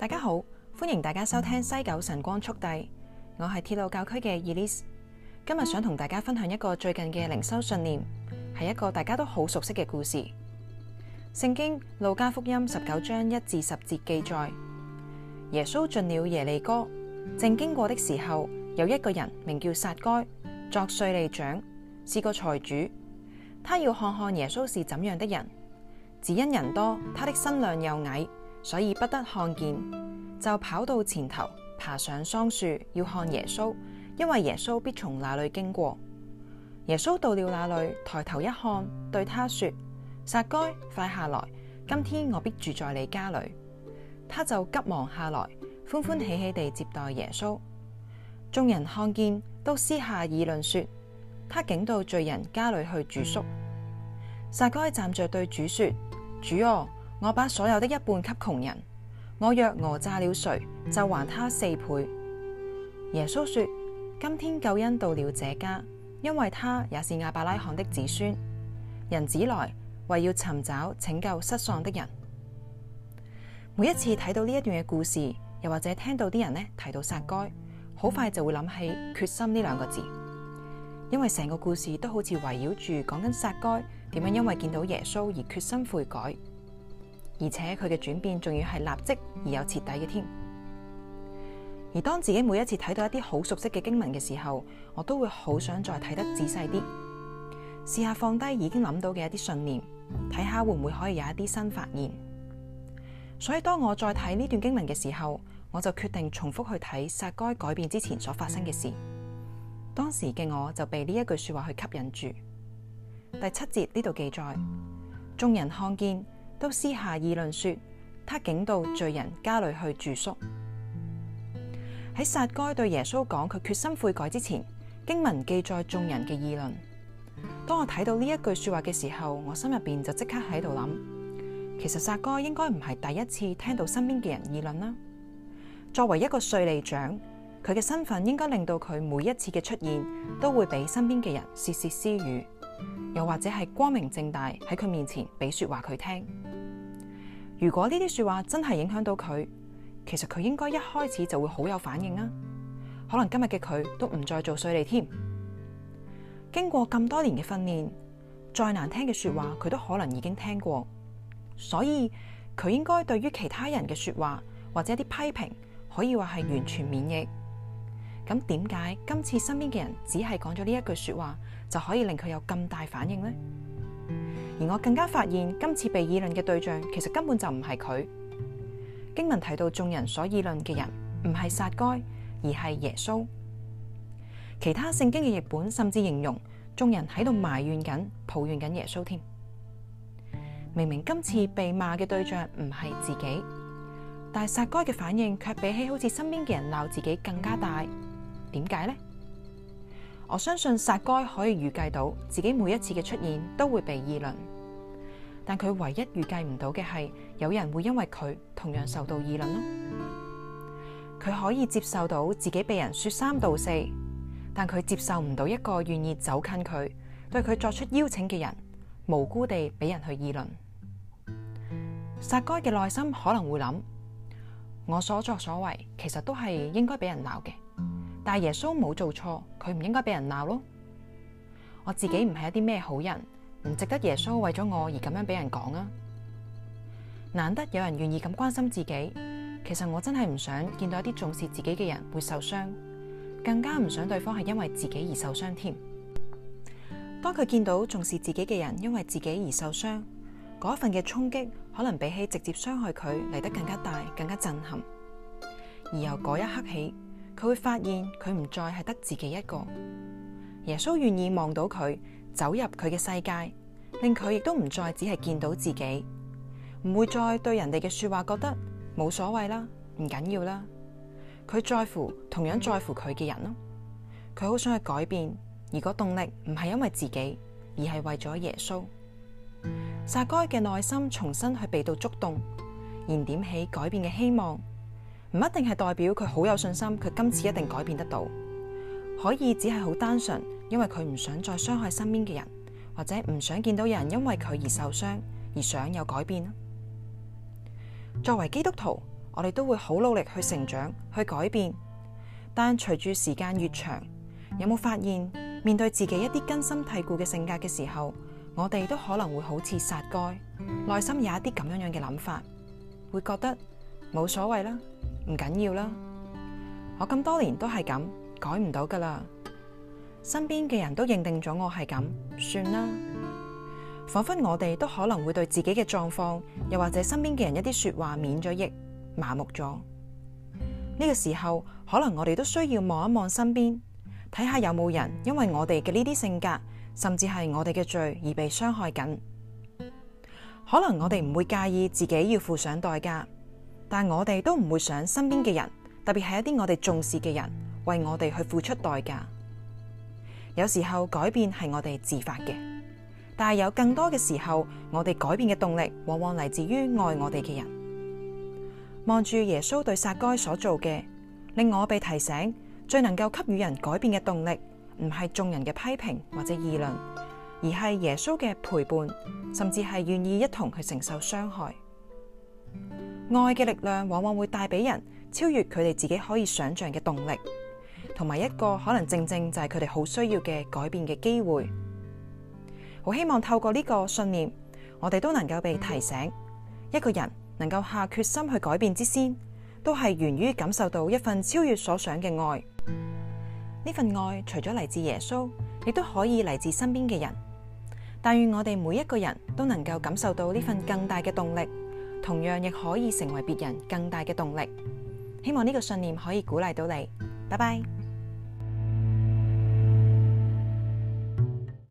大家好，歡迎大家收聽西九晨光速遞。我係鐵路教區嘅 Elyse，今日想同大家分享一個最近嘅靈修信念，係一個大家都好熟悉嘅故事。聖經路加福音十九章一至十節記載，耶穌進了耶利哥，正經過的時候，有一個人名叫撒該，作稅吏長，是個財主，他要看看耶穌是怎樣的人，只因人多，他的身量又矮。所以不得看見，就跑到前頭，爬上桑樹要看耶穌，因為耶穌必從那裏經過。耶穌到了那裏，抬頭一看，對他說：撒該，快下來，今天我必住在你家裏。他就急忙下來，歡歡喜喜地接待耶穌。眾人看見，都私下議論說：他竟到罪人家裏去住宿。撒該站着對主說：主哦、啊。我把所有的一半給窮人。我若訛詐了誰，就還他四倍。耶穌說：今天救恩到了這家，因為他也是亞伯拉罕的子孫。人子來為要尋找拯救失喪的人。每一次睇到呢一段嘅故事，又或者聽到啲人呢提到撒該，好快就會諗起決心呢兩個字，因為成個故事都好似圍繞住講緊撒該點樣，因為見到耶穌而決心悔改。而且佢嘅轉變仲要係立即而有徹底嘅添。而當自己每一次睇到一啲好熟悉嘅經文嘅時候，我都會好想再睇得仔細啲，試下放低已經諗到嘅一啲信念，睇下會唔會可以有一啲新發現。所以當我再睇呢段經文嘅時候，我就決定重複去睇撒該改變之前所發生嘅事。當時嘅我就被呢一句說話去吸引住。第七節呢度記載，眾人看見。都私下議論說，他竟到罪人家裏去住宿。喺撒該對耶穌講佢決心悔改之前，經文記載眾人嘅議論。當我睇到呢一句說話嘅時候，我心入邊就即刻喺度諗，其實撒該應該唔係第一次聽到身邊嘅人議論啦。作為一個稅吏長，佢嘅身份應該令到佢每一次嘅出現都會俾身邊嘅人竊竊私語，又或者係光明正大喺佢面前俾說話佢聽。如果呢啲說話真係影響到佢，其實佢應該一開始就會好有反應啊！可能今日嘅佢都唔再做碎利添。經過咁多年嘅訓練，再難聽嘅說話佢都可能已經聽過，所以佢應該對於其他人嘅說話或者一啲批評，可以話係完全免疫。咁點解今次身邊嘅人只係講咗呢一句說話就可以令佢有咁大反應呢？而我更加發現，今次被議論嘅對象其實根本就唔係佢。經文提到眾人所議論嘅人唔係撒該，而係耶穌。其他聖經嘅譯本甚至形容眾人喺度埋怨緊、抱怨緊耶穌添。明明今次被罵嘅對象唔係自己，但係撒該嘅反應卻比起好似身邊嘅人鬧自己更加大。點解呢？我相信撒該可以預計到自己每一次嘅出現都會被議論，但佢唯一預計唔到嘅係有人會因為佢同樣受到議論咯。佢可以接受到自己被人說三道四，但佢接受唔到一個願意走近佢，對佢作出邀請嘅人，無辜地俾人去議論。撒該嘅內心可能會諗：我所作所為其實都係應該俾人鬧嘅。但耶穌冇做錯，佢唔應該俾人鬧咯。我自己唔係一啲咩好人，唔值得耶穌為咗我而咁樣俾人講啊。難得有人願意咁關心自己，其實我真係唔想見到一啲重視自己嘅人會受傷，更加唔想對方係因為自己而受傷添。當佢見到重視自己嘅人因為自己而受傷，嗰份嘅衝擊可能比起直接傷害佢嚟得更加大、更加震撼，而由嗰一刻起。佢會發現佢唔再係得自己一個，耶穌願意望到佢走入佢嘅世界，令佢亦都唔再只係見到自己，唔會再對人哋嘅說話覺得冇所謂啦，唔緊要啦。佢在乎同樣在乎佢嘅人咯，佢好想去改變，而個動力唔係因為自己，而係為咗耶穌。撒該嘅內心重新去被到觸動，燃點起改變嘅希望。唔一定係代表佢好有信心，佢今次一定改變得到。可以只係好單純，因為佢唔想再傷害身邊嘅人，或者唔想見到人因為佢而受傷，而想有改變。作為基督徒，我哋都會好努力去成長、去改變。但隨住時間越長，有冇發現面對自己一啲根深蒂固嘅性格嘅時候，我哋都可能會好似殺該，內心有一啲咁樣樣嘅諗法，會覺得冇所謂啦。唔緊要啦，我咁多年都係咁，改唔到噶啦。身邊嘅人都認定咗我係咁，算啦。仿佛我哋都可能會對自己嘅狀況，又或者身邊嘅人一啲說話免咗疫，麻木咗。呢個時候，可能我哋都需要望一望身邊，睇下有冇人因為我哋嘅呢啲性格，甚至係我哋嘅罪而被傷害緊。可能我哋唔會介意自己要付上代價。但我哋都唔會想身邊嘅人，特別係一啲我哋重視嘅人，為我哋去付出代價。有時候改變係我哋自發嘅，但係有更多嘅時候，我哋改變嘅動力往往嚟自於愛我哋嘅人。望住耶穌對撒該所做嘅，令我被提醒，最能夠給予人改變嘅動力，唔係眾人嘅批評或者議論，而係耶穌嘅陪伴，甚至係願意一同去承受傷害。愛嘅力量往往會帶俾人超越佢哋自己可以想象嘅動力，同埋一個可能正正就係佢哋好需要嘅改變嘅機會。好希望透過呢個信念，我哋都能夠被提醒，嗯、一個人能夠下決心去改變之先，都係源於感受到一份超越所想嘅愛。呢份愛除咗嚟自耶穌，亦都可以嚟自身邊嘅人。但願我哋每一個人都能夠感受到呢份更大嘅動力。同樣亦可以成為別人更大嘅動力。希望呢個信念可以鼓勵到你。拜拜。